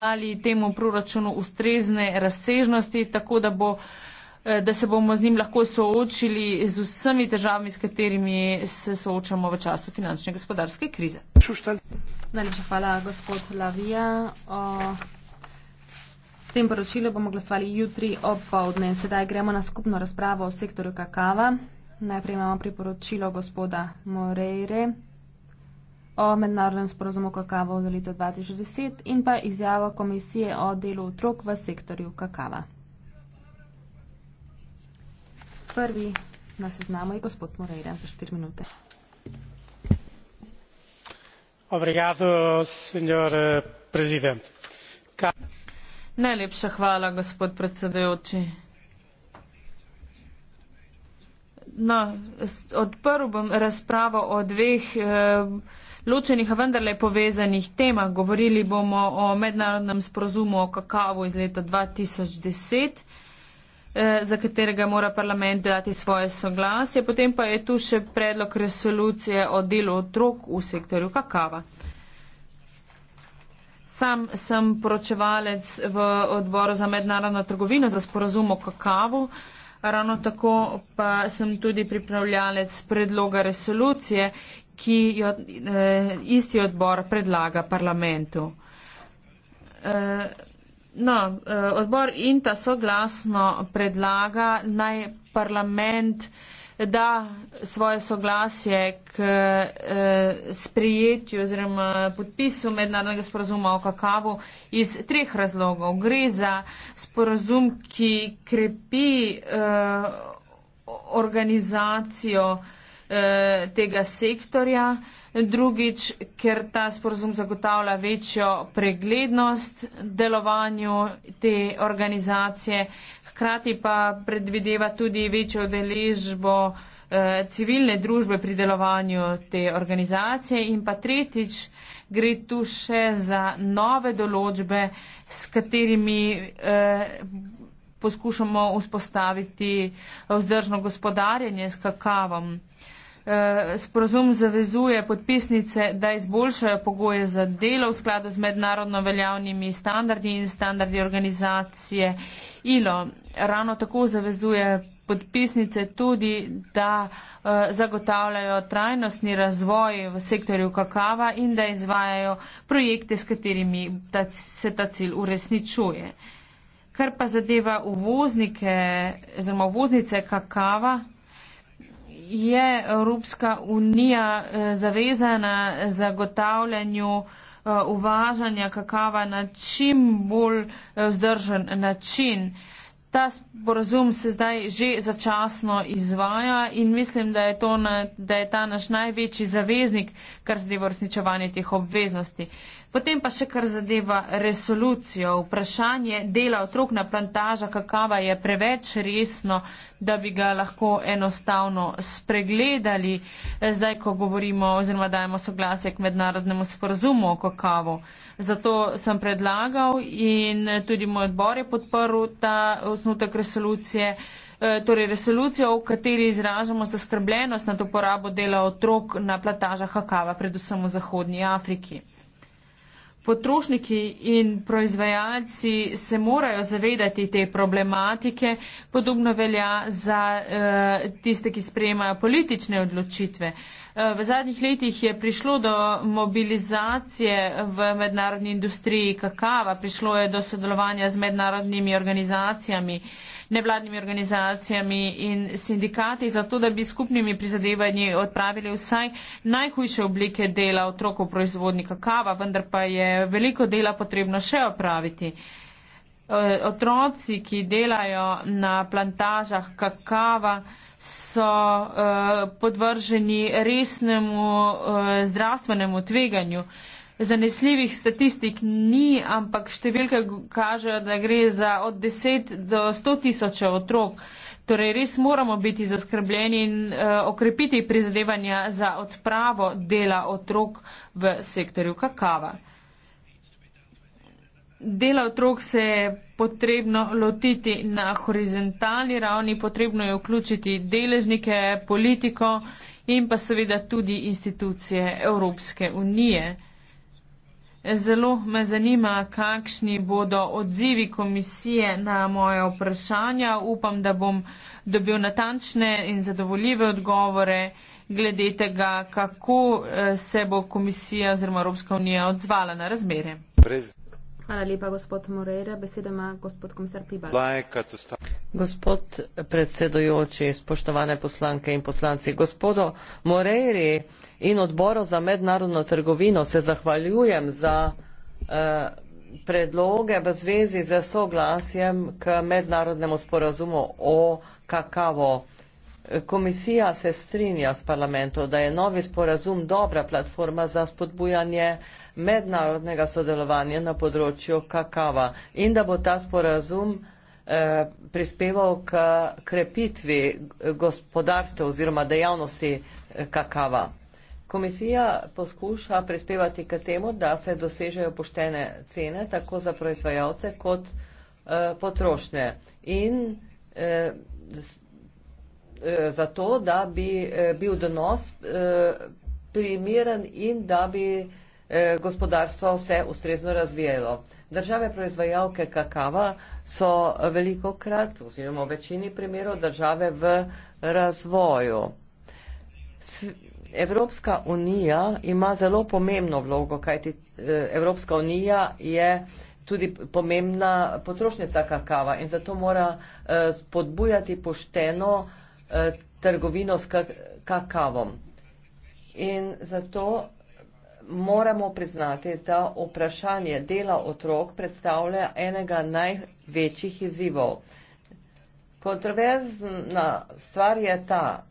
dali temu proračunu ustrezne razsežnosti, tako da, bo, eh, da se bomo z njim lahko soočili z vsemi težavami, s katerimi se soočamo v času finančne gospodarske krize. Najlepša hvala, gospod Lavija. O... S tem poročilom bomo glasovali jutri ob povdne. Sedaj gremo na skupno razpravo o sektorju kakava. Najprej imamo priporočilo gospoda Morejre o mednarodnem sporozumu kakavo za leto 2010 in pa izjava komisije o delu otrok v sektorju kakava. Prvi na seznamu je gospod Morejren za 4 minute. Obrigado, senjor eh, prezident. Ka Najlepša hvala, gospod predsedujoči. No, odprl bom razpravo o dveh eh, ločenih, a vendarle povezanih temah. Govorili bomo o mednarodnem sporozumu o kakavu iz leta 2010, eh, za katerega mora parlament dati svoje soglasje. Potem pa je tu še predlog resolucije o delu otrok v sektorju kakava. Sam sem poročevalec v odboru za mednarodno trgovino za sporozum o kakavu ravno tako pa sem tudi pripravljalec predloga resolucije, ki jo eh, isti odbor predlaga parlamentu. Eh, no, eh, odbor INTA soglasno predlaga naj parlament eh, da svoje soglasje k eh, sprijetju oziroma podpisu mednarodnega sporazuma o kakavu iz treh razlogov. Gre za sporazum, ki krepi eh, organizacijo eh, Eh, tega sektorja. Drugič, ker ta sporozum zagotavlja večjo preglednost delovanju te organizacije, hkrati pa predvideva tudi večjo deležbo eh, civilne družbe pri delovanju te organizacije in pa tretjič gre tu še za nove določbe, s katerimi eh, poskušamo vzpostaviti vzdržno gospodarjenje s kakavom. Eh, Eh, sporozum zavezuje podpisnice, da izboljšajo pogoje za delo v skladu z mednarodno veljavnimi standardi in standardi organizacije ILO. Ravno tako zavezuje podpisnice tudi, da eh, zagotavljajo trajnostni razvoj v sektorju kakava in da izvajajo projekte, s katerimi ta, se ta cilj uresničuje. Kar pa zadeva uvoznike, oziroma uvoznice kakava, je Evropska unija eh, zavezana zagotavljanju eh, uvažanja kakava na čim bolj eh, vzdržen način. Ta sporazum se zdaj že začasno izvaja in mislim, da je, to na, da je ta naš največji zaveznik, kar zdi v resničevanju teh obveznosti. Potem pa še kar zadeva resolucijo. Vprašanje dela otrok na plantažah kakava je preveč resno, da bi ga lahko enostavno spregledali. Zdaj, ko govorimo oziroma dajemo soglasje k mednarodnemu sporazumu o kakavo. Zato sem predlagal in tudi moj odbor je podprl ta osnutek resolucije. E, torej, resolucijo, v kateri izražamo zaskrbljenost nad uporabo dela otrok na plantažah kakava, predvsem v Zahodnji Afriki. Potrošniki in proizvajalci se morajo zavedati te problematike, podobno velja za e, tiste, ki sprejemajo politične odločitve. E, v zadnjih letih je prišlo do mobilizacije v mednarodni industriji kakava, prišlo je do sodelovanja z mednarodnimi organizacijami, nevladnimi organizacijami in sindikati, zato da bi skupnimi prizadevanji odpravili vsaj najhujše oblike dela otrokov proizvodnika kakava, vendar pa je veliko dela potrebno še opraviti. E, otroci, ki delajo na plantažah kakava, so e, podvrženi resnemu e, zdravstvenemu tveganju. Zanesljivih statistik ni, ampak številke kažejo, da gre za od 10 do 100 tisoč otrok. Torej, res moramo biti zaskrbljeni in okrepiti prizadevanja za odpravo dela otrok v sektorju kakava. Dela otrok se je potrebno lotiti na horizontalni ravni, potrebno je vključiti deležnike, politiko in pa seveda tudi institucije Evropske unije. Zelo me zanima, kakšni bodo odzivi komisije na moje vprašanja. Upam, da bom dobil natančne in zadovoljive odgovore glede tega, kako eh, se bo komisija oziroma Evropska unija odzvala na razmere. Brez. Hvala lepa, gospod Morera. Besede ima gospod komisar Pibar. Gospod predsedojoči, spoštovane poslanke in poslanci, gospodo Moreri in odboru za mednarodno trgovino se zahvaljujem za uh, predloge v zvezi z soglasjem k mednarodnemu sporazumu o kakavo. Komisija se strinja s parlamentom, da je novi sporazum dobra platforma za spodbujanje uh, mednarodnega sodelovanja na področju kakava in da bo ta sporazum eh, prispeval k krepitvi gospodarstva oziroma dejavnosti eh, kakava. Komisija poskuša prispevati k temu, da se dosežejo poštene cene tako za proizvajalce kot eh, potrošnje in zato, da bi bil donos primeren in da bi Eh, gospodarstva vse ustrezno razvijalo. Države proizvajalke kakava so veliko krat, oziroma v večini primerov, države v razvoju. Evropska unija ima zelo pomembno vlogo, kajti eh, Evropska unija je tudi pomembna potrošnica kakava in zato mora eh, spodbujati pošteno trgovino s kakavom. In zato moramo priznati, da vprašanje dela otrok predstavlja enega največjih izzivov. Kontroverzna stvar je ta,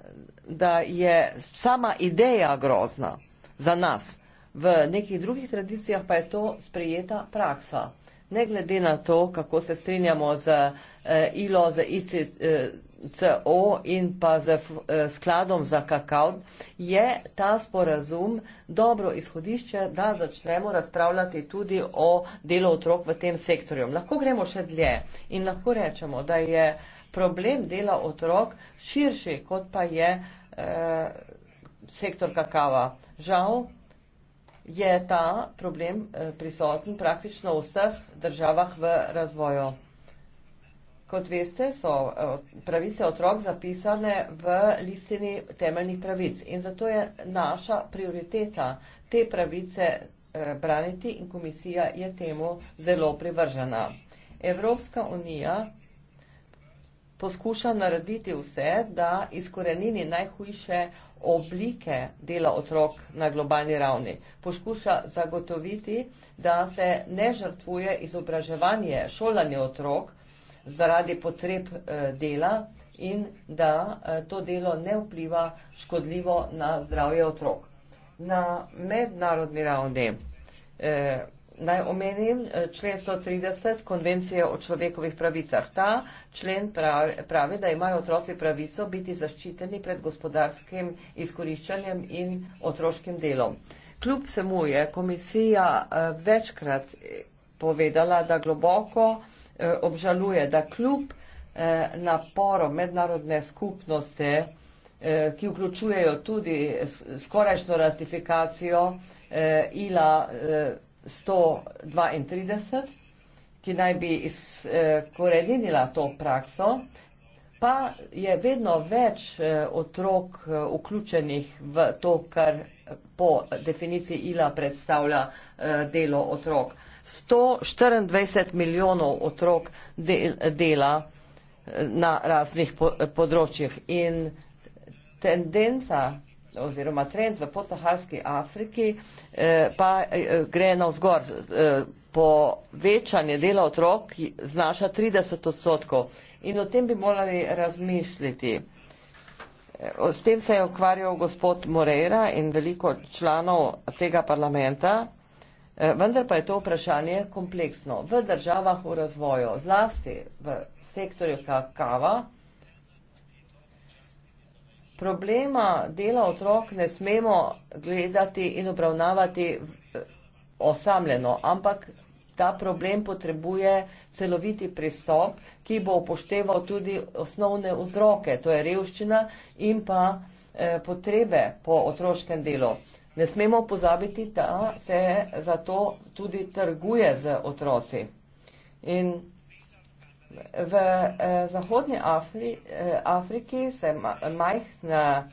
da je sama ideja grozna za nas, v nekih drugih tradicijah pa je to sprejeta praksa. Ne glede na to, kako se strinjamo z eh, ILO, z ICIT. Eh, CO in pa z eh, skladom za kakav, je ta sporazum dobro izhodišče, da začnemo razpravljati tudi o delu otrok v tem sektorju. Lahko gremo še dlje in lahko rečemo, da je problem dela otrok širši, kot pa je eh, sektor kakava. Žal je ta problem eh, prisoten praktično v vseh državah v razvoju. Kot veste, so eh, pravice otrok zapisane v listini temeljnih pravic in zato je naša prioriteta te pravice eh, braniti in komisija je temu zelo privržena. Evropska unija poskuša narediti vse, da izkorenini najhujše oblike dela otrok na globalni ravni. Poskuša zagotoviti, da se ne žrtvuje izobraževanje, šolanje otrok zaradi potreb eh, dela in da eh, to delo ne vpliva škodljivo na zdravje otrok. Na mednarodni ravni eh, naj omenim člen 130 konvencije o človekovih pravicah. Ta člen pravi, pravi da imajo otroci pravico biti zaščiteni pred gospodarskim izkoriščanjem in otroškim delom. Kljub se mu je komisija večkrat povedala, da globoko Eh, obžaluje, da kljub eh, naporom mednarodne skupnosti, eh, ki vključujejo tudi skorajšno ratifikacijo ILA 132, ki naj bi izkoreninila to prakso, pa je vedno več otrok vključenih v to, kar po definiciji ILA predstavlja delo otrok. 124 milijonov otrok dela eh, na raznih področjih in tendenca oziroma trend v posaharski Afriki eh, pa eh, gre na vzgor. Povečanje dela otrok znaša 30 odstotkov in o tem bi morali razmišljati. S tem se je ukvarjal gospod Moreira in veliko članov tega parlamenta. Eh, vendar pa je to vprašanje kompleksno. V državah v razvoju, zlasti v sektorju kakava, problema dela otrok ne smemo gledati in obravnavati eh, osamljeno, ampak ta problem potrebuje celoviti pristop, ki bo upošteval tudi osnovne vzroke, to je revščina in pa eh, potrebe po otroškem delu. Ne smemo pozabiti, da se zato tudi trguje z otroci. In v eh, Zahodnji Afri, eh, Afriki se ma, majhne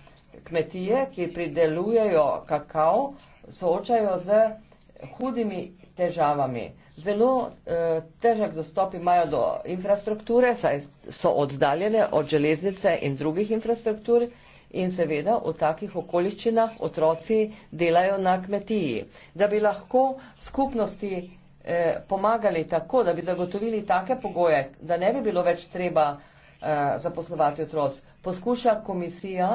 kmetije, ki pridelujejo kakao, soočajo z hudimi težavami. Zelo eh, težek dostop imajo do infrastrukture, saj so oddaljene od železnice in drugih infrastruktur. Eh, In seveda v takih okoliščinah otroci delajo na kmetiji, da bi lahko skupnosti eh, pomagali tako, da bi zagotovili take pogoje, da ne bi bilo več treba eh, zaposlovati otroc. Poskuša komisija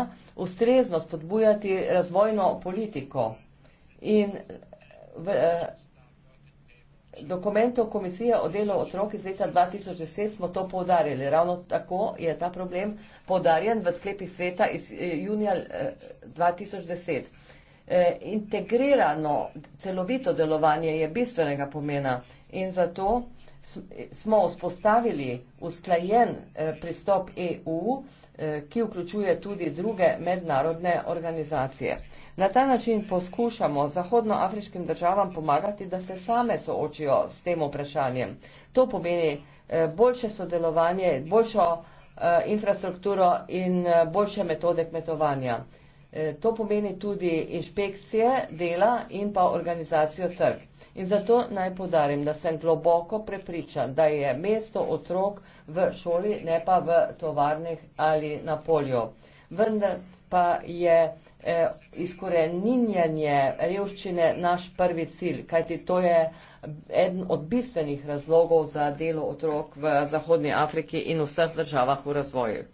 ustrezno spodbujati razvojno politiko in v, eh, dokumentu Komisije o delu otrok iz leta 2010 smo to poudarjali. Ravno tako je ta problem poudarjen v sklepih sveta iz eh, junija 2010. Eh, eh, integrirano celovito delovanje je bistvenega pomena in zato smo vzpostavili usklajen eh, pristop EU, eh, ki vključuje tudi druge mednarodne organizacije. Na ta način poskušamo zahodnoafriškim državam pomagati, da se same soočijo s tem vprašanjem. To pomeni eh, boljše sodelovanje, boljšo infrastrukturo in boljše metode kmetovanja. Eh, to pomeni tudi inšpekcije dela in pa organizacijo trg. In zato naj podarim, da sem globoko prepričan, da je mesto otrok v šoli, ne pa v tovarnih ali na polju. Vendar pa je eh, izkoreninjanje revščine naš prvi cilj, kajti to je eden od bistvenih razlogov za delo otrok v Zahodnji Afriki in vseh državah v razvoju.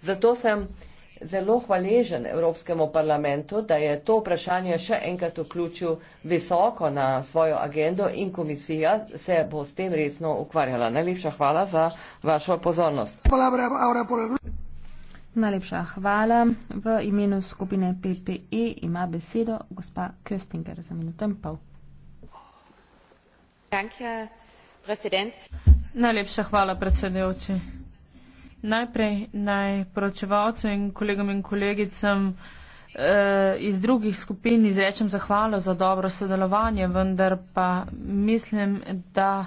Zato sem eh, zelo hvaležen Evropskemu parlamentu, da je to vprašanje še enkrat vključil visoko na svojo agendo in komisija se bo s tem resno ukvarjala. Najlepša hvala za vašo pozornost. Najlepša hvala. V imenu skupine PPE ima besedo gospa Köstinger za minuto in pol. Najlepša hvala, predsedujoči. Najprej naj poročevalcem in kolegom in kolegicam eh, iz drugih skupin izrečem zahvalo za dobro sodelovanje, vendar pa mislim, da.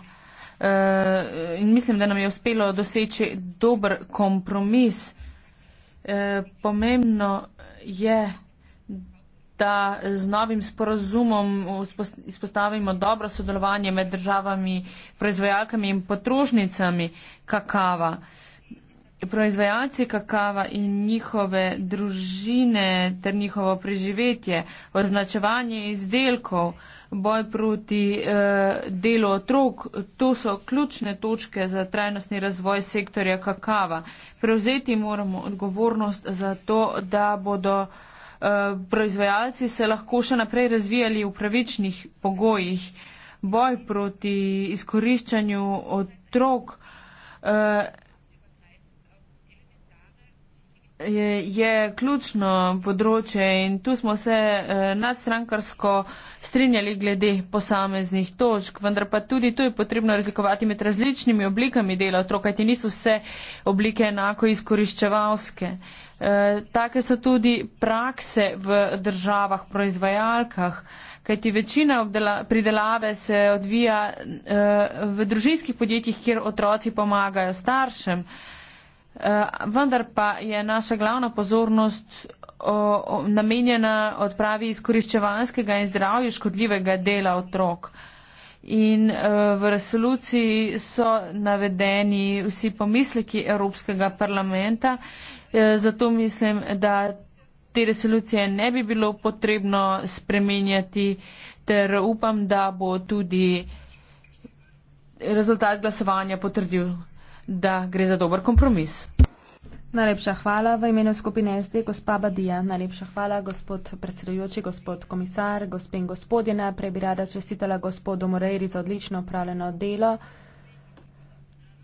Eh, in uh, mislim, da nam je uspelo doseči dober kompromis. Uh, pomembno je, da z novim sporozumom izpostavimo dobro sodelovanje med državami, proizvajalkami in potrošnicami kakava. Uh, proizvajalci kakava in njihove družine ter njihovo preživetje, označevanje izdelkov, boj proti eh, delu otrok, to so ključne točke za trajnostni razvoj sektorja kakava. Prevzeti moramo odgovornost za to, da bodo eh, proizvajalci se lahko še naprej razvijali v pravičnih pogojih. Boj proti izkoriščanju otrok. Eh, je, je ključno področje in tu smo se eh, nadstrankarsko strinjali glede posameznih točk, vendar pa tudi tu je potrebno razlikovati med različnimi oblikami dela otrok, kajti niso vse oblike enako izkoriščevalske. Eh, take so tudi prakse v državah, proizvajalkah, kajti večina obdela, pridelave se odvija eh, v družinskih podjetjih, kjer otroci pomagajo staršem. Eh, Eh, vendar pa je naša glavna pozornost namenjena odpravi izkoriščevanskega in zdravju škodljivega dela otrok. In eh, v resoluciji so navedeni vsi pomisleki Evropskega parlamenta, eh, zato mislim, da te resolucije ne bi bilo potrebno spremenjati, ter upam, da bo tudi rezultat glasovanja potrdil da gre za dober kompromis. Najlepša hvala v imenu skupine SD, gospa Badija. Najlepša hvala, gospod predsedujoči, gospod komisar, gospe in gospodje. Najprej bi rada čestitala gospodu Moreiri za odlično upravljeno delo,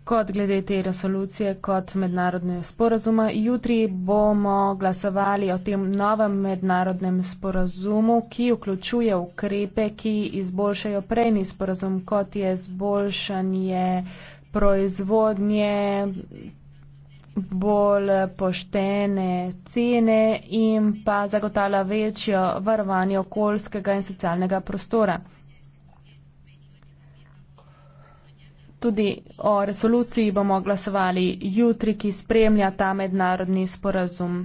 kot glede te resolucije, kot mednarodne sporazuma. Jutri bomo glasovali o tem novem mednarodnem sporazumu, ki vključuje ukrepe, ki izboljšajo prejni sporazum, kot je zboljšanje proizvodnje, bolj poštene cene in pa zagotavlja večjo varovanje okoljskega in socialnega prostora. Tudi o resoluciji bomo glasovali jutri, ki spremlja ta mednarodni sporazum.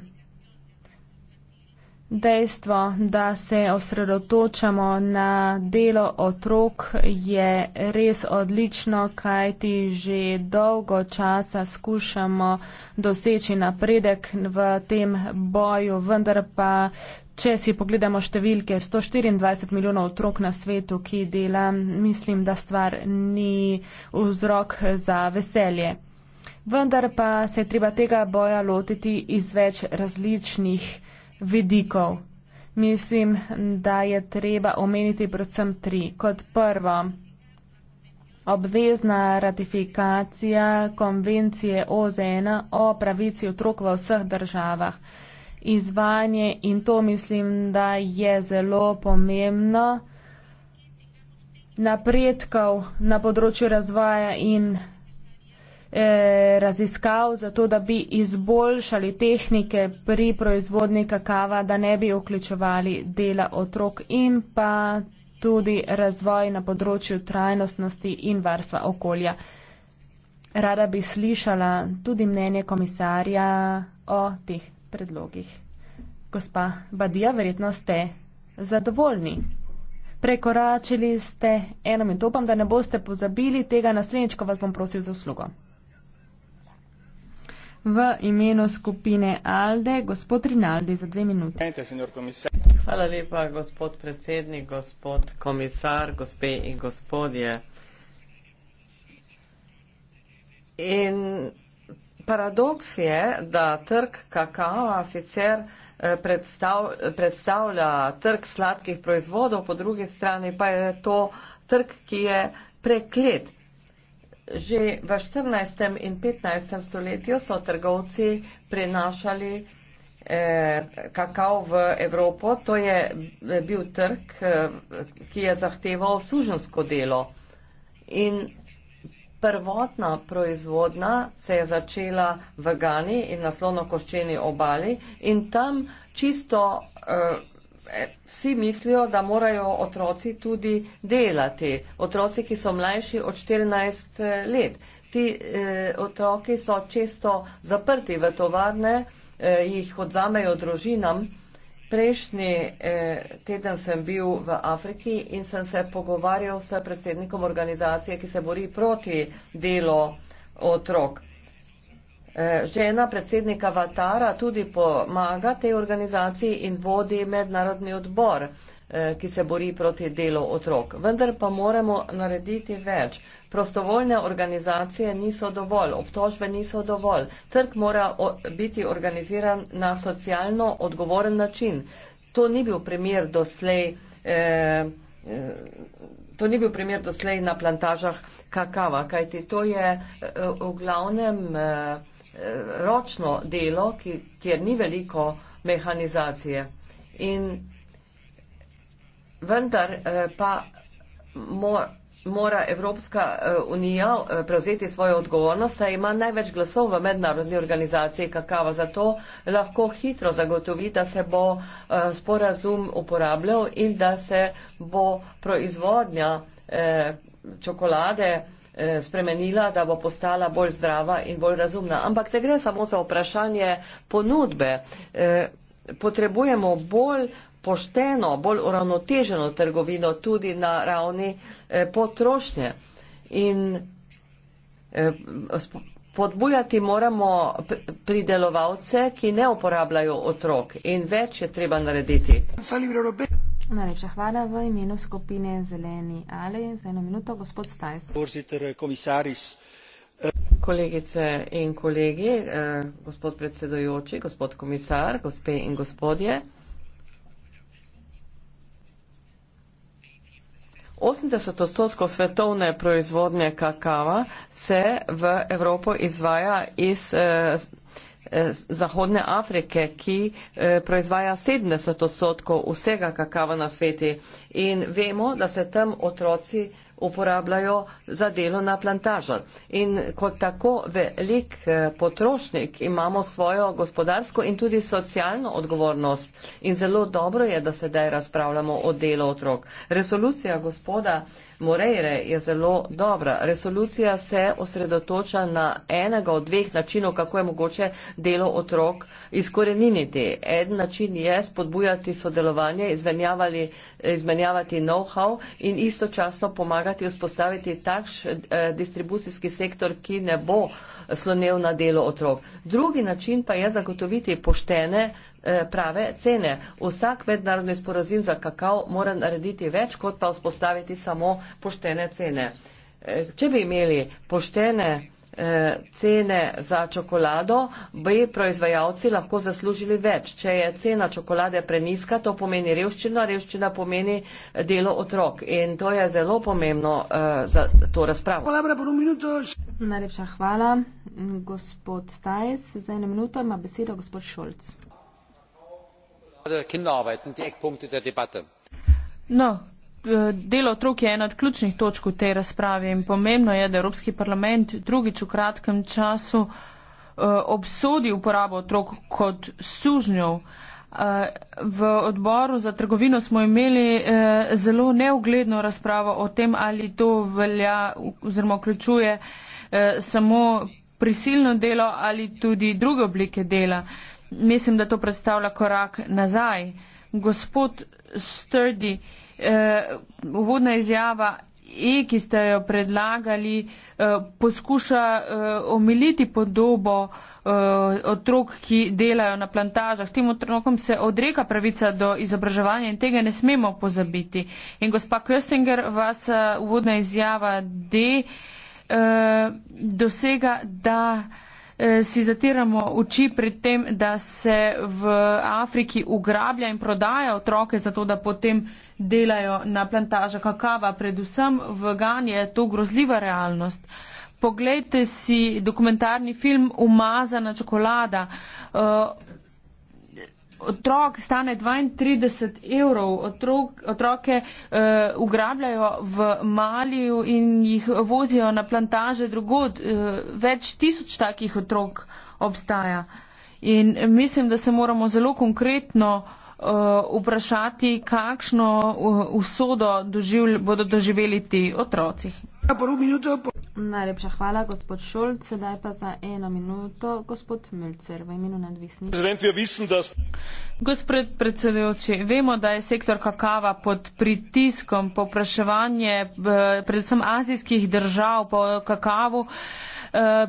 Dejstvo, da se osredotočamo na delo otrok, je res odlično, kajti že dolgo časa skušamo doseči napredek v tem boju, vendar pa, če si pogledamo številke 124 milijonov otrok na svetu, ki dela, mislim, da stvar ni vzrok za veselje. Vendar pa se je treba tega boja lotiti iz več različnih vidikov. Mislim, da je treba omeniti predvsem tri. Kot prvo, obvezna ratifikacija konvencije OZN o pravici otrok v vseh državah. Izvanje in to mislim, da je zelo pomembno. Napredkov na področju razvoja in Eh, raziskav za to, da bi izboljšali tehnike pri proizvodni kakava, da ne bi vključevali dela otrok in pa tudi razvoj na področju trajnostnosti in varstva okolja. Rada bi slišala tudi mnenje komisarja o teh predlogih. Gospa Badija, verjetno ste zadovoljni. Prekoračili ste eno minuto, upam, da ne boste pozabili tega naslednjič, ko vas bom prosil za uslugo v imenu skupine Alde, gospod Rinaldi, za dve minute. Hvala lepa, gospod predsednik, gospod komisar, gospe in gospodje. In paradoks je, da trg kakava sicer eh, predstavlja trg sladkih proizvodov, po drugi strani pa je to trg, ki je preklet že v 14. in 15. stoletju so trgovci prenašali eh, kakav v Evropo. To je eh, bil trg, eh, ki je zahteval sužensko delo. In prvotna proizvodna se je začela v Gani in na slonokoščeni obali in tam čisto E, vsi mislijo, da morajo otroci tudi delati. Otroci, ki so mlajši od 14 eh, let. Ti eh, otroki so često zaprti v tovarne, eh, jih odzamejo družinam. Prejšnji eh, teden sem bil v Afriki in sem se pogovarjal s predsednikom organizacije, ki se bori proti delu otrok. Eh, žena predsednika Vatara tudi pomaga tej organizaciji in vodi mednarodni odbor, eh, ki se bori proti delu otrok. Vendar pa moramo narediti več. Prostovoljne organizacije niso dovolj, obtožbe niso dovolj. Trg mora biti organiziran na socialno odgovoren način. To ni bil primer doslej. Eh, to ni bil primer doslej na plantažah kakava, kajti to je v glavnem Eh, ročno delo, ki, kjer ni veliko mehanizacije. In vendar eh, pa mora Evropska eh, unija prevzeti svojo odgovornost, saj ima največ glasov v mednarodni organizaciji kakava, zato lahko hitro zagotovi, da se bo sporazum uporabljal in da se bo proizvodnja čokolade Eh, spremenila, da bo postala bolj zdrava in bolj razumna. Ampak ne gre samo za vprašanje ponudbe. Eh, potrebujemo bolj pošteno, bolj uravnoteženo trgovino tudi na ravni eh, potrošnje. In podbujati moramo pridelovalce, ki ne uporabljajo otrok. In več je treba narediti. Najlepša hvala v imenu skupine Zeleni Ali za eno minuto, gospod Stajs. Borziter, eh, komisaris. Eh, Kolegice in kolegi, eh, gospod predsedojoči, gospod komisar, gospe in gospodje. 80 odstotkov svetovne proizvodnje kakava se v Evropo izvaja iz eh, Eh, Zahodne Afrike, ki eh, proizvaja 70 odstotkov vsega kakava na sveti. In vemo, da se tam otroci uporabljajo za delo na plantažah. In kot tako velik eh, potrošnik imamo svojo gospodarsko in tudi socialno odgovornost. In zelo dobro je, da sedaj razpravljamo o delu otrok. Resolucija gospoda Moreire je zelo dobra. Resolucija se osredotoča na enega od dveh načinov, kako je mogoče delo otrok izkoreniniti. En način je spodbujati sodelovanje, izmenjavati, izmenjavati know-how in istočasno pomagati vzpostaviti takš eh, distribucijski sektor, ki ne bo slonev na delo otrok. Drugi način pa je zagotoviti poštene Eh, prave cene. Vsak mednarodni sporozum za kakav mora narediti več, kot pa vzpostaviti samo poštene cene. Eh, če bi imeli poštene eh, cene za čokolado, bi proizvajalci lahko zaslužili več. Če je cena čokolade preniska, to pomeni revščina, revščina pomeni delo otrok. In to je zelo pomembno uh, za to razpravo. Najlepša hvala. Gospod Stajs, za eno minuto ima besedo gospod Šolc no delo otrok je ena od ključnih točk v tej razpravi in pomembno je da evropski parlament drugič v kratkem času e, obsodi uporabo otrok kot sužnjev. E, v odboru za trgovino smo imeli e, zelo neugledno razpravo o tem, ali to velja oziroma vključuje samo prisilno delo ali tudi druge oblike dela mislim, da to predstavlja korak nazaj. Gospod Strdi, eh, uvodna izjava E, ki ste jo predlagali, eh, poskuša eh, omiliti podobo eh, otrok, ki delajo na plantažah. Tem otrokom se odreka pravica do izobraževanja in tega ne smemo pozabiti. In gospa Köstinger, vas uvodna izjava D eh, dosega, da. Eh, si zatiramo oči pred tem, da se v Afriki ugrablja in prodaja otroke, zato da potem delajo na plantažah kakava. Predvsem v Gani je to grozljiva realnost. Poglejte si dokumentarni film Umazana čokolada. Uh, otrok stane 32 evrov, otrok, otroke uh, ugrabljajo v Maliju in jih vozijo na plantaže drugod. Uh, več tisoč takih otrok obstaja. In mislim, da se moramo zelo konkretno uh, vprašati, kakšno usodo doživl, bodo doživeli ti otroci. Ja, prvo minuto. Pa... Najlepša hvala, gospod Šolc. Sedaj pa za eno minuto, gospod Milcer, v imenu nadvisnika. Gospod predsedujoči, vemo, da je sektor kakava pod pritiskom popraševanje eh, predvsem azijskih držav po kakavu. Eh,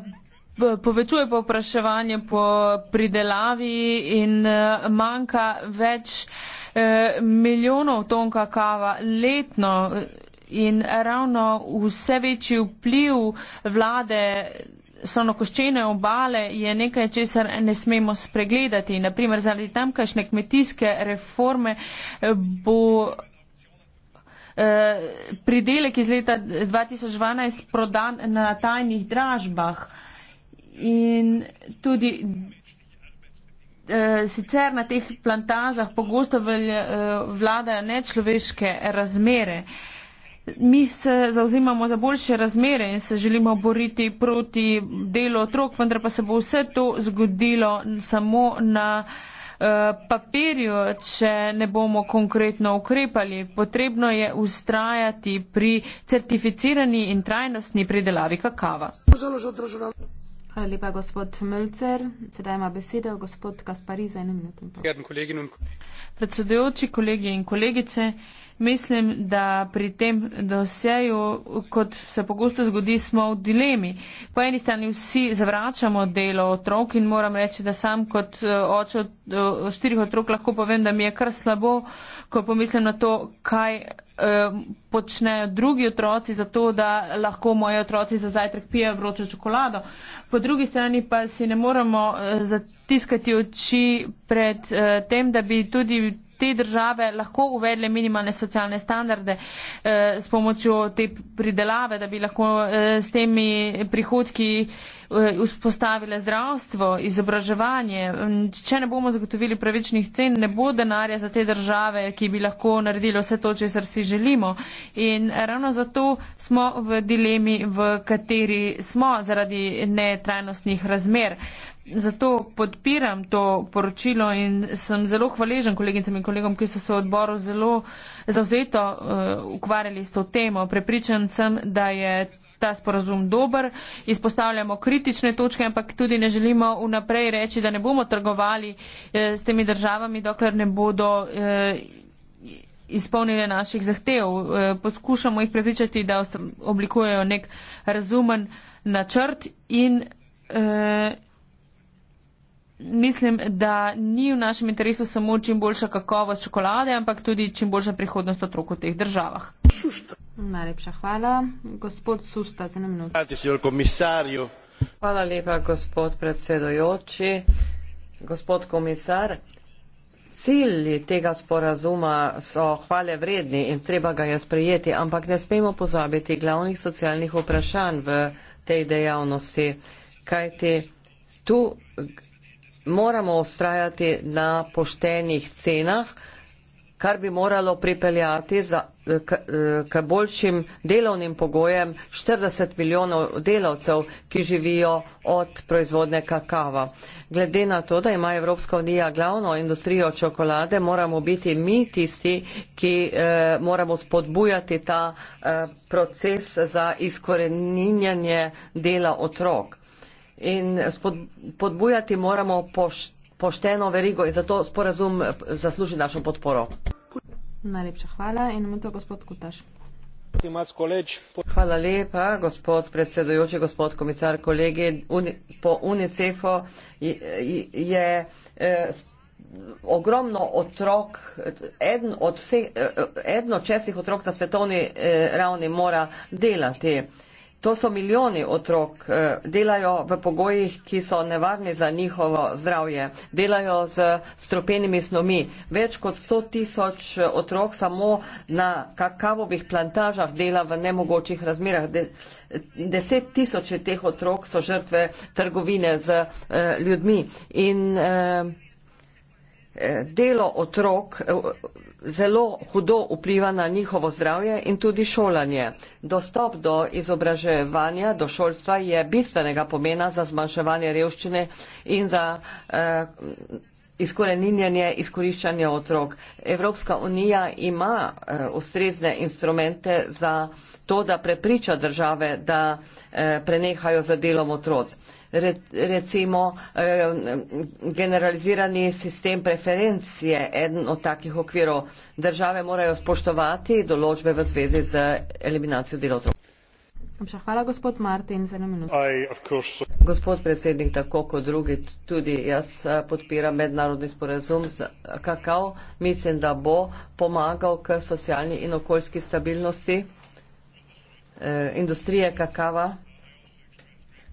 povečuje popraševanje po pridelavi in eh, manjka več milijonov ton kakava letno in ravno vse večji vpliv vlade slonokoščene obale je nekaj, česar ne smemo spregledati. Naprimer, zaradi tamkajšnje kmetijske reforme eh, bo eh, pridelek iz leta 2012 prodan na tajnih dražbah in tudi eh, sicer na teh plantažah pogosto vladajo nečloveške razmere. Mi se zauzemamo za boljše razmere in se želimo boriti proti delu otrok, vendar pa se bo vse to zgodilo samo na eh, papirju, če ne bomo konkretno ukrepali. Potrebno je ustrajati pri certificirani in trajnostni pridelavi kakava. Hvala lepa, gospod Mölcer. Sedaj ima besedo gospod Kaspari za eno minuto. Predsedujoči, kolegi in kolegice. Mislim, da pri tem doseju, kot se pogosto zgodi, smo v dilemi. Po eni strani vsi zavračamo delo otrok in moram reči, da sam kot eh, oče eh, štirih otrok lahko povem, da mi je kar slabo, ko pomislim na to, kaj eh, počnejo drugi otroci za to, da lahko moji otroci za zajtrk pijejo vročo čokolado. Po drugi strani pa si ne moremo zatiskati oči pred tem, da bi tudi te države lahko uvedle minimalne socialne standarde eh, s pomočjo te pridelave, da bi lahko eh, s temi prihodki eh, Eh, vzpostavile zdravstvo, izobraževanje. Mm, če ne bomo zagotovili pravičnih cen, ne bo denarja za te države, ki bi lahko naredili vse to, če se si želimo. In ravno zato smo v dilemi, v kateri smo zaradi netrajnostnih razmer. Zato podpiram to poročilo in sem zelo hvaležen kolegicam in kolegom, ki so se v odboru zelo zauzeto uh, eh, ukvarjali s to temo. Prepričan sem, da je ta sporazum dober, izpostavljamo kritične točke, ampak tudi ne želimo vnaprej reči, da ne bomo trgovali eh, s temi državami, dokler ne bodo eh, izpolnile naših zahtev. Eh, poskušamo jih prepričati, da oblikujejo nek razumen načrt in Mislim, da ni v našem interesu samo čim boljša kakovost čokolade, ampak tudi čim boljša prihodnost otrok v teh državah. Susta. Najlepša hvala. Gospod Susta, za eno minuto. Hvala, signor komisarju. Hvala lepa, gospod predsedojoči. Gospod komisar, cilji tega sporazuma so hvale vredni in treba ga je sprejeti, ampak ne smemo pozabiti glavnih socialnih vprašanj v tej dejavnosti, kajti tu moramo ustrajati na poštenih cenah, kar bi moralo pripeljati za, eh, k, eh, k boljšim delovnim pogojem 40 milijonov delavcev, ki živijo od proizvodne kakava. Glede na to, da ima Evropska unija glavno industrijo čokolade, moramo biti mi tisti, ki eh, moramo spodbujati ta eh, proces za izkoreninjanje dela otrok. In spodbujati moramo pošto pošteno verigo in zato sporazum eh, zasluži našo podporo. Najlepša hvala in imate gospod Kutaš. Hvala lepa, gospod predsedujoči, gospod komisar, kolegi. Po UNICEF-u je eh, ogromno otrok, eden od vseh, eh, eden od čestih otrok na svetovni ravni mora delati. To so milijoni otrok, eh, delajo v pogojih, ki so nevarni za njihovo zdravje, delajo z stropenimi snomi. Več kot 100 tisoč otrok samo na kakavovih plantažah dela v nemogočih razmerah. De, deset tisoč teh otrok so žrtve trgovine z eh, ljudmi. In, eh, Eh, delo otrok eh, zelo hudo vpliva na njihovo zdravje in tudi šolanje. Dostop do izobraževanja, do šolstva je bistvenega pomena za zmanjševanje revščine in za eh, izkoreninjanje izkoriščanja otrok. Evropska unija ima ustrezne instrumente za to, da prepriča države, da prenehajo za delom otroci recimo eh, generalizirani sistem preferenc je eden od takih okvirov. Države morajo spoštovati določbe v zvezi z eliminacijo delovcev. Hvala, gospod Martin, za eno minuto. Gospod predsednik, tako kot drugi, tudi jaz eh, podpiram mednarodni sporazum z kakav. Mislim, da bo pomagal k socialni in okoljski stabilnosti eh, industrije kakava.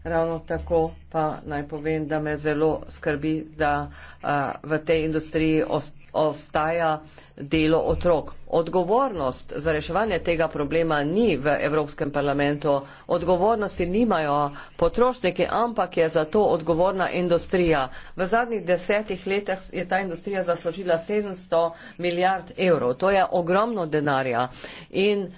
Ravno tako pa naj povem, da me zelo skrbi, da uh, v tej industriji ostaja delo otrok. Odgovornost za reševanje tega problema ni v Evropskem parlamentu, odgovornosti nimajo potrošniki, ampak je za to odgovorna industrija. V zadnjih desetih letih je ta industrija zaslužila 700 milijard evrov. To je ogromno denarja. In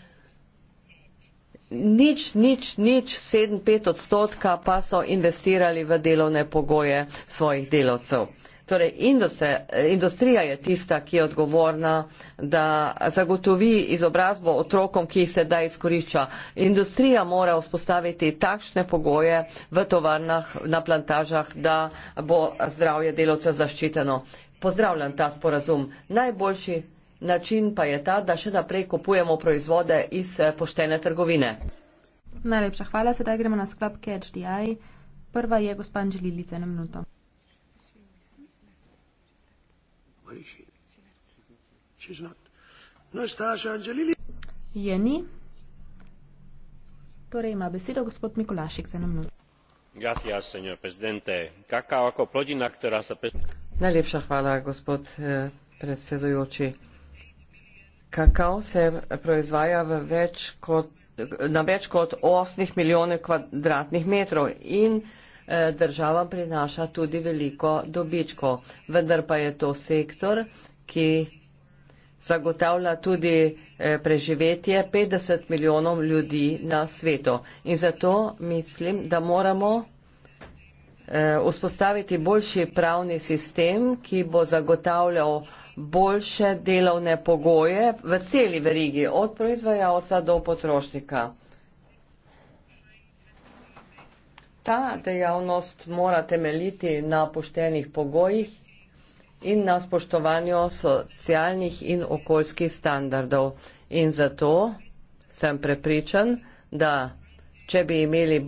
nič, nič, nič, 7-5 odstotka pa so investirali v delovne pogoje svojih delovcev. Torej, industrija, industrija je tista, ki je odgovorna, da zagotovi izobrazbo otrokom, ki jih sedaj izkorišča. Industrija mora vzpostaviti takšne pogoje v tovarnah, na plantažah, da bo zdravje delovca zaščiteno. Pozdravljam ta sporazum. Najboljši Način pa je ta, da še naprej kupujemo proizvode iz eh, poštene trgovine. Najlepša hvala, sedaj gremo na sklop KHDI. Prva je gospod Anželi Lice na minuto. Je ni. Torej ima besedo gospod Mikulašik za nam. Gracias, senor presidente. Kakao, ako plodina, ktorá sa... Najlepša hvala, gospod eh, predsedujoči. Kakao se proizvaja v več kot, na več kot 8 milijonov kvadratnih metrov in eh, država prinaša tudi veliko dobičko. Vendar pa je to sektor, ki zagotavlja tudi eh, preživetje 50 milijonov ljudi na svetu. In zato mislim, da moramo eh, vzpostaviti boljši pravni sistem, ki bo zagotavljal boljše delovne pogoje v celi verigi, od proizvajalca do potrošnika. Ta dejavnost mora temeljiti na poštenih pogojih in na spoštovanju socialnih in okoljskih standardov. In zato sem prepričan, da če bi imeli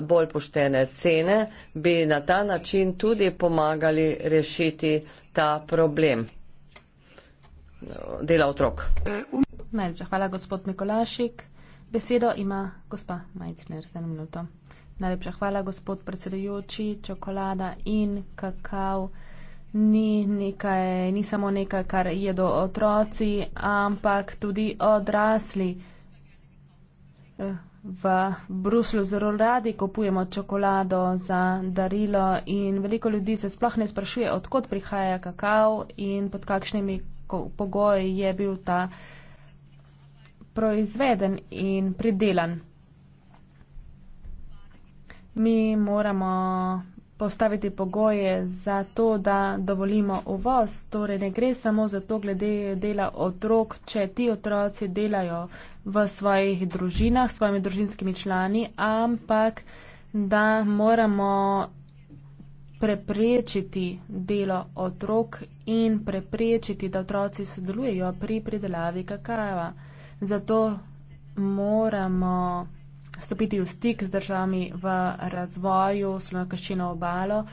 bolj poštene cene, bi na ta način tudi pomagali rešiti ta problem dela otrok. Najlepša hvala, gospod Mikolašik. Besedo ima gospa Majcner, za eno minuto. Najlepša hvala, gospod predsedujoči. Čokolada in kakav ni, nekaj, ni samo nekaj, kar jedo otroci, ampak tudi odrasli. V Bruslju zelo radi kupujemo čokolado za darilo in veliko ljudi se sploh ne sprašuje, odkot prihaja kakav in pod kakšnimi pogoj je bil ta proizveden in pridelan. Mi moramo postaviti pogoje za to, da dovolimo uvoz. Torej, ne gre samo za to, glede dela otrok, če ti otroci delajo v svojih družinah s svojimi družinskimi člani, ampak da moramo preprečiti delo otrok in preprečiti, da otroci sodelujejo pri pridelavi kakava. Zato moramo stopiti v stik z državami v razvoju slovenkaščino obalo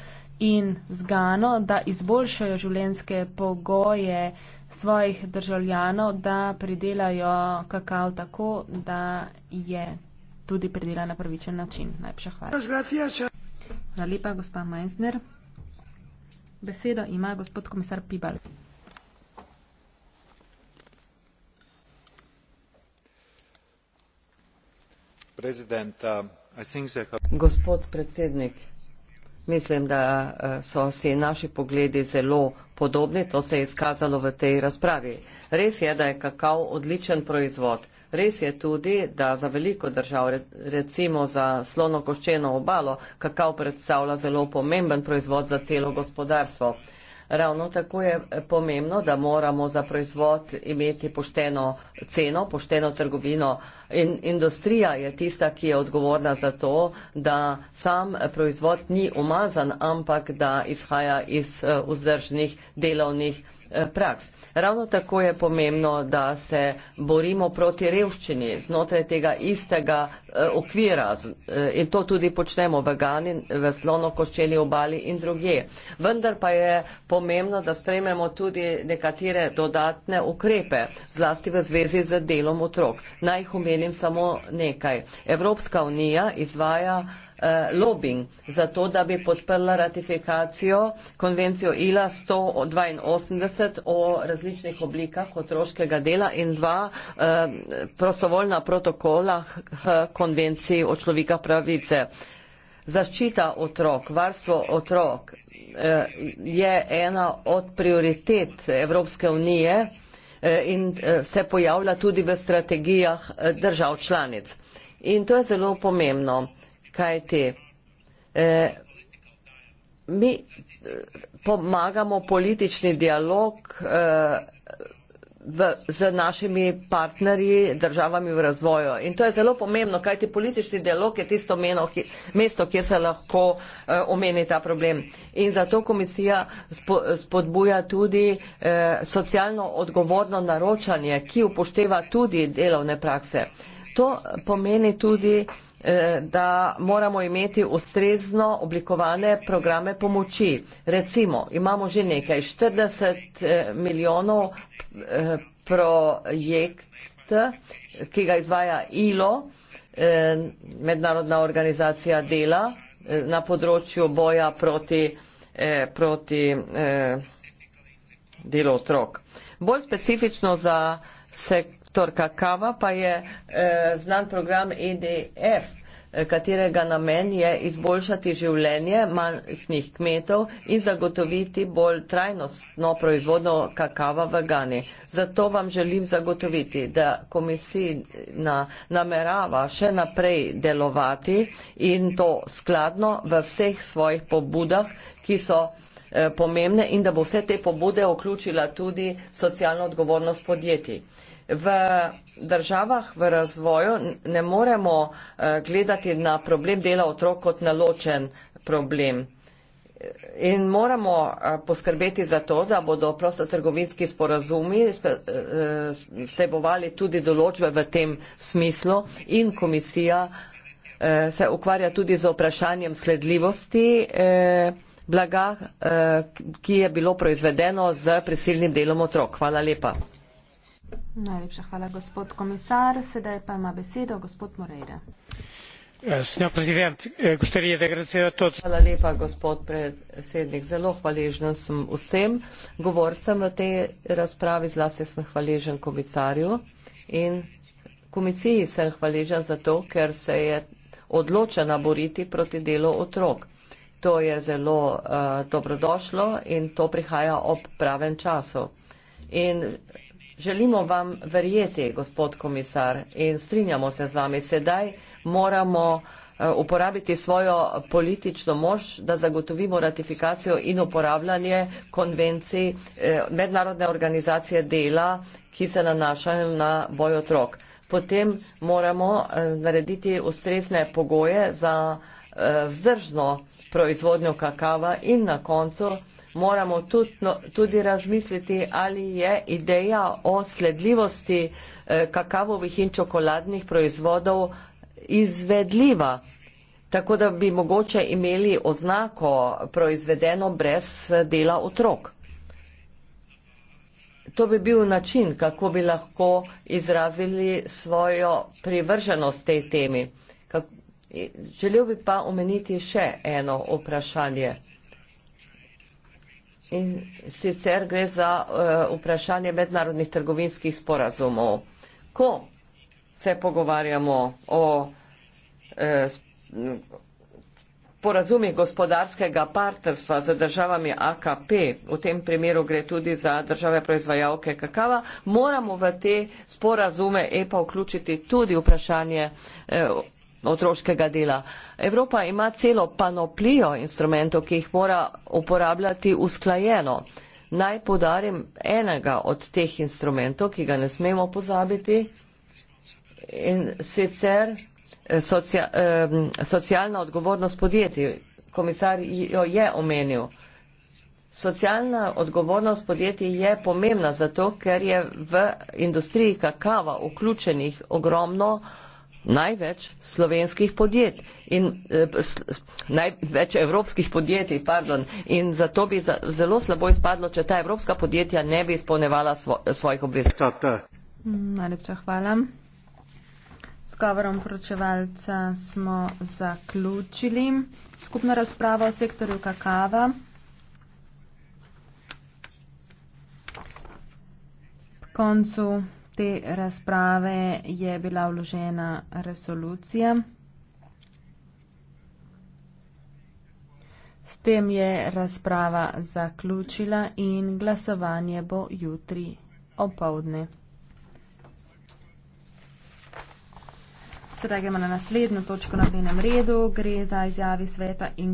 in zgano, da izboljšajo življenjske pogoje svojih državljanov, da pridelajo kakav tako, da je tudi pridela na pravičen način. Najprej hvala. Hvala lepa, gospa Meisner. Besedo ima gospod komisar Pibal. Uh, uh, gospod predsednik, mislim, da uh, so si naši pogledi zelo podobni, to se je izkazalo v tej razpravi. Res je, da je kakav odličen proizvod, Res je tudi, da za veliko držav, recimo za slonokoščeno obalo, kakav predstavlja zelo pomemben proizvod za celo gospodarstvo. Ravno tako je eh, pomembno, da moramo za proizvod imeti pošteno ceno, pošteno trgovino. In industrija je tista, ki je odgovorna za to, da sam proizvod ni umazan, ampak da izhaja iz eh, vzdržnih delovnih eh, praks. Ravno tako je pomembno, da se borimo proti revščini znotraj tega istega eh, okvira in to tudi počnemo v Gani, v Slono, Koščeni obali in druge. Vendar pa je pomembno, da sprememo tudi nekatere dodatne ukrepe, zlasti v zvezi z delom otrok. Naj jih umemo omenim samo nekaj. Evropska unija izvaja eh, lobbying za to, da bi podprla ratifikacijo konvencijo ILA 182 o različnih oblikah otroškega dela in dva eh, prostovoljna protokola konvenciji o človeka pravice. Zaščita otrok, varstvo otrok eh, je ena od prioritet Evropske unije. Eh, in eh, se pojavlja tudi v strategijah eh, držav članic. In to je zelo pomembno, kaj te. Mi pomagamo politični dialog, v, z našimi partnerji, državami v razvoju. In to je zelo pomembno, kajti politični dialog je tisto meno, ki, mesto, kjer se lahko eh, omeni ta problem. In zato komisija spo, spodbuja tudi eh, socialno odgovorno naročanje, ki upošteva tudi delovne prakse. To pomeni tudi, Eh, da moramo imeti ustrezno oblikovane programe pomoči. Recimo, imamo že nekaj 40 eh, milijonov eh, projekt, ki ga izvaja ILO, mednarodna organizacija dela na področju boja proti, proti delu otrok. Bolj specifično za sektor kakava pa je znan program EDF, katerega namen je izboljšati življenje manjhnih kmetov in zagotoviti bolj trajnostno proizvodno kakava v Gani. Zato vam želim zagotoviti, da komisija namerava še naprej delovati in to skladno v vseh svojih pobudah, ki so eh, pomembne in da bo vse te pobude vključila tudi socialno odgovornost podjetij v državah v razvoju ne moremo eh, gledati na problem dela otrok kot na ločen problem. In moramo eh, poskrbeti za to, da bodo prostotrgovinski sporazumi eh, vsebovali tudi določbe v tem smislu in komisija se ukvarja tudi z vprašanjem sledljivosti blaga, ki je bilo proizvedeno z prisilnim delom otrok. Hvala lepa. Najlepša hvala, gospod komisar. Sedaj pa ima besedo gospod Moreira. Eh, eh, hvala lepa, gospod predsednik. Zelo hvaležen sem vsem govorcem v tej razpravi, zlasti sem hvaležen komisarju in komisiji sem hvaležen za to, ker se je odločena boriti proti delu otrok. To je zelo uh, dobrodošlo in to prihaja ob pravem času. In Želimo vam verjeti, gospod komisar, in strinjamo se z vami. Sedaj moramo eh, uporabiti svojo politično mož, da zagotovimo ratifikacijo in uporabljanje konvencij eh, mednarodne organizacije dela, ki se nanašajo na boj otrok. Potem moramo eh, narediti ustrezne pogoje za vzdržno proizvodnjo kakava in na koncu moramo tudi, no, tudi razmisliti, ali je ideja o sledljivosti eh, kakavovih in čokoladnih proizvodov izvedljiva. Tako da bi mogoče imeli oznako proizvedeno brez dela otrok. To bi bil način, kako bi lahko izrazili svojo privrženost tej temi. Želel bi pa omeniti še eno vprašanje. In sicer gre za uh, vprašanje mednarodnih trgovinskih sporazumov. Ko se pogovarjamo o uh, porazumih gospodarskega partnerstva z državami AKP, v tem primeru gre tudi za države proizvajalke kakava, moramo v te sporazume EPA vključiti tudi vprašanje uh, otroškega dela. Evropa ima celo panoplijo instrumentov, ki jih mora uporabljati usklajeno. Naj podarim enega od teh instrumentov, ki ga ne smemo pozabiti, in sicer eh, socia, eh, socialna odgovornost podjetij. Komisar jo je omenil. Socialna odgovornost podjetij je pomembna zato, ker je v industriji kakava vključenih ogromno eh, največ slovenskih podjet in eh, največ evropskih podjetij, pardon, in zato bi za, zelo slabo izpadlo, če ta evropska podjetja ne bi izpolnevala svo, svojih obveznosti. Najlepša hvala. S govorom poročevalca smo zaključili skupno razpravo o sektorju kakava. Koncu te razprave je bila vložena resolucija. S tem je razprava zaključila in glasovanje bo jutri opovdne. Sedaj gremo na naslednjo točko na dnevnem redu. Gre za izjavi sveta in.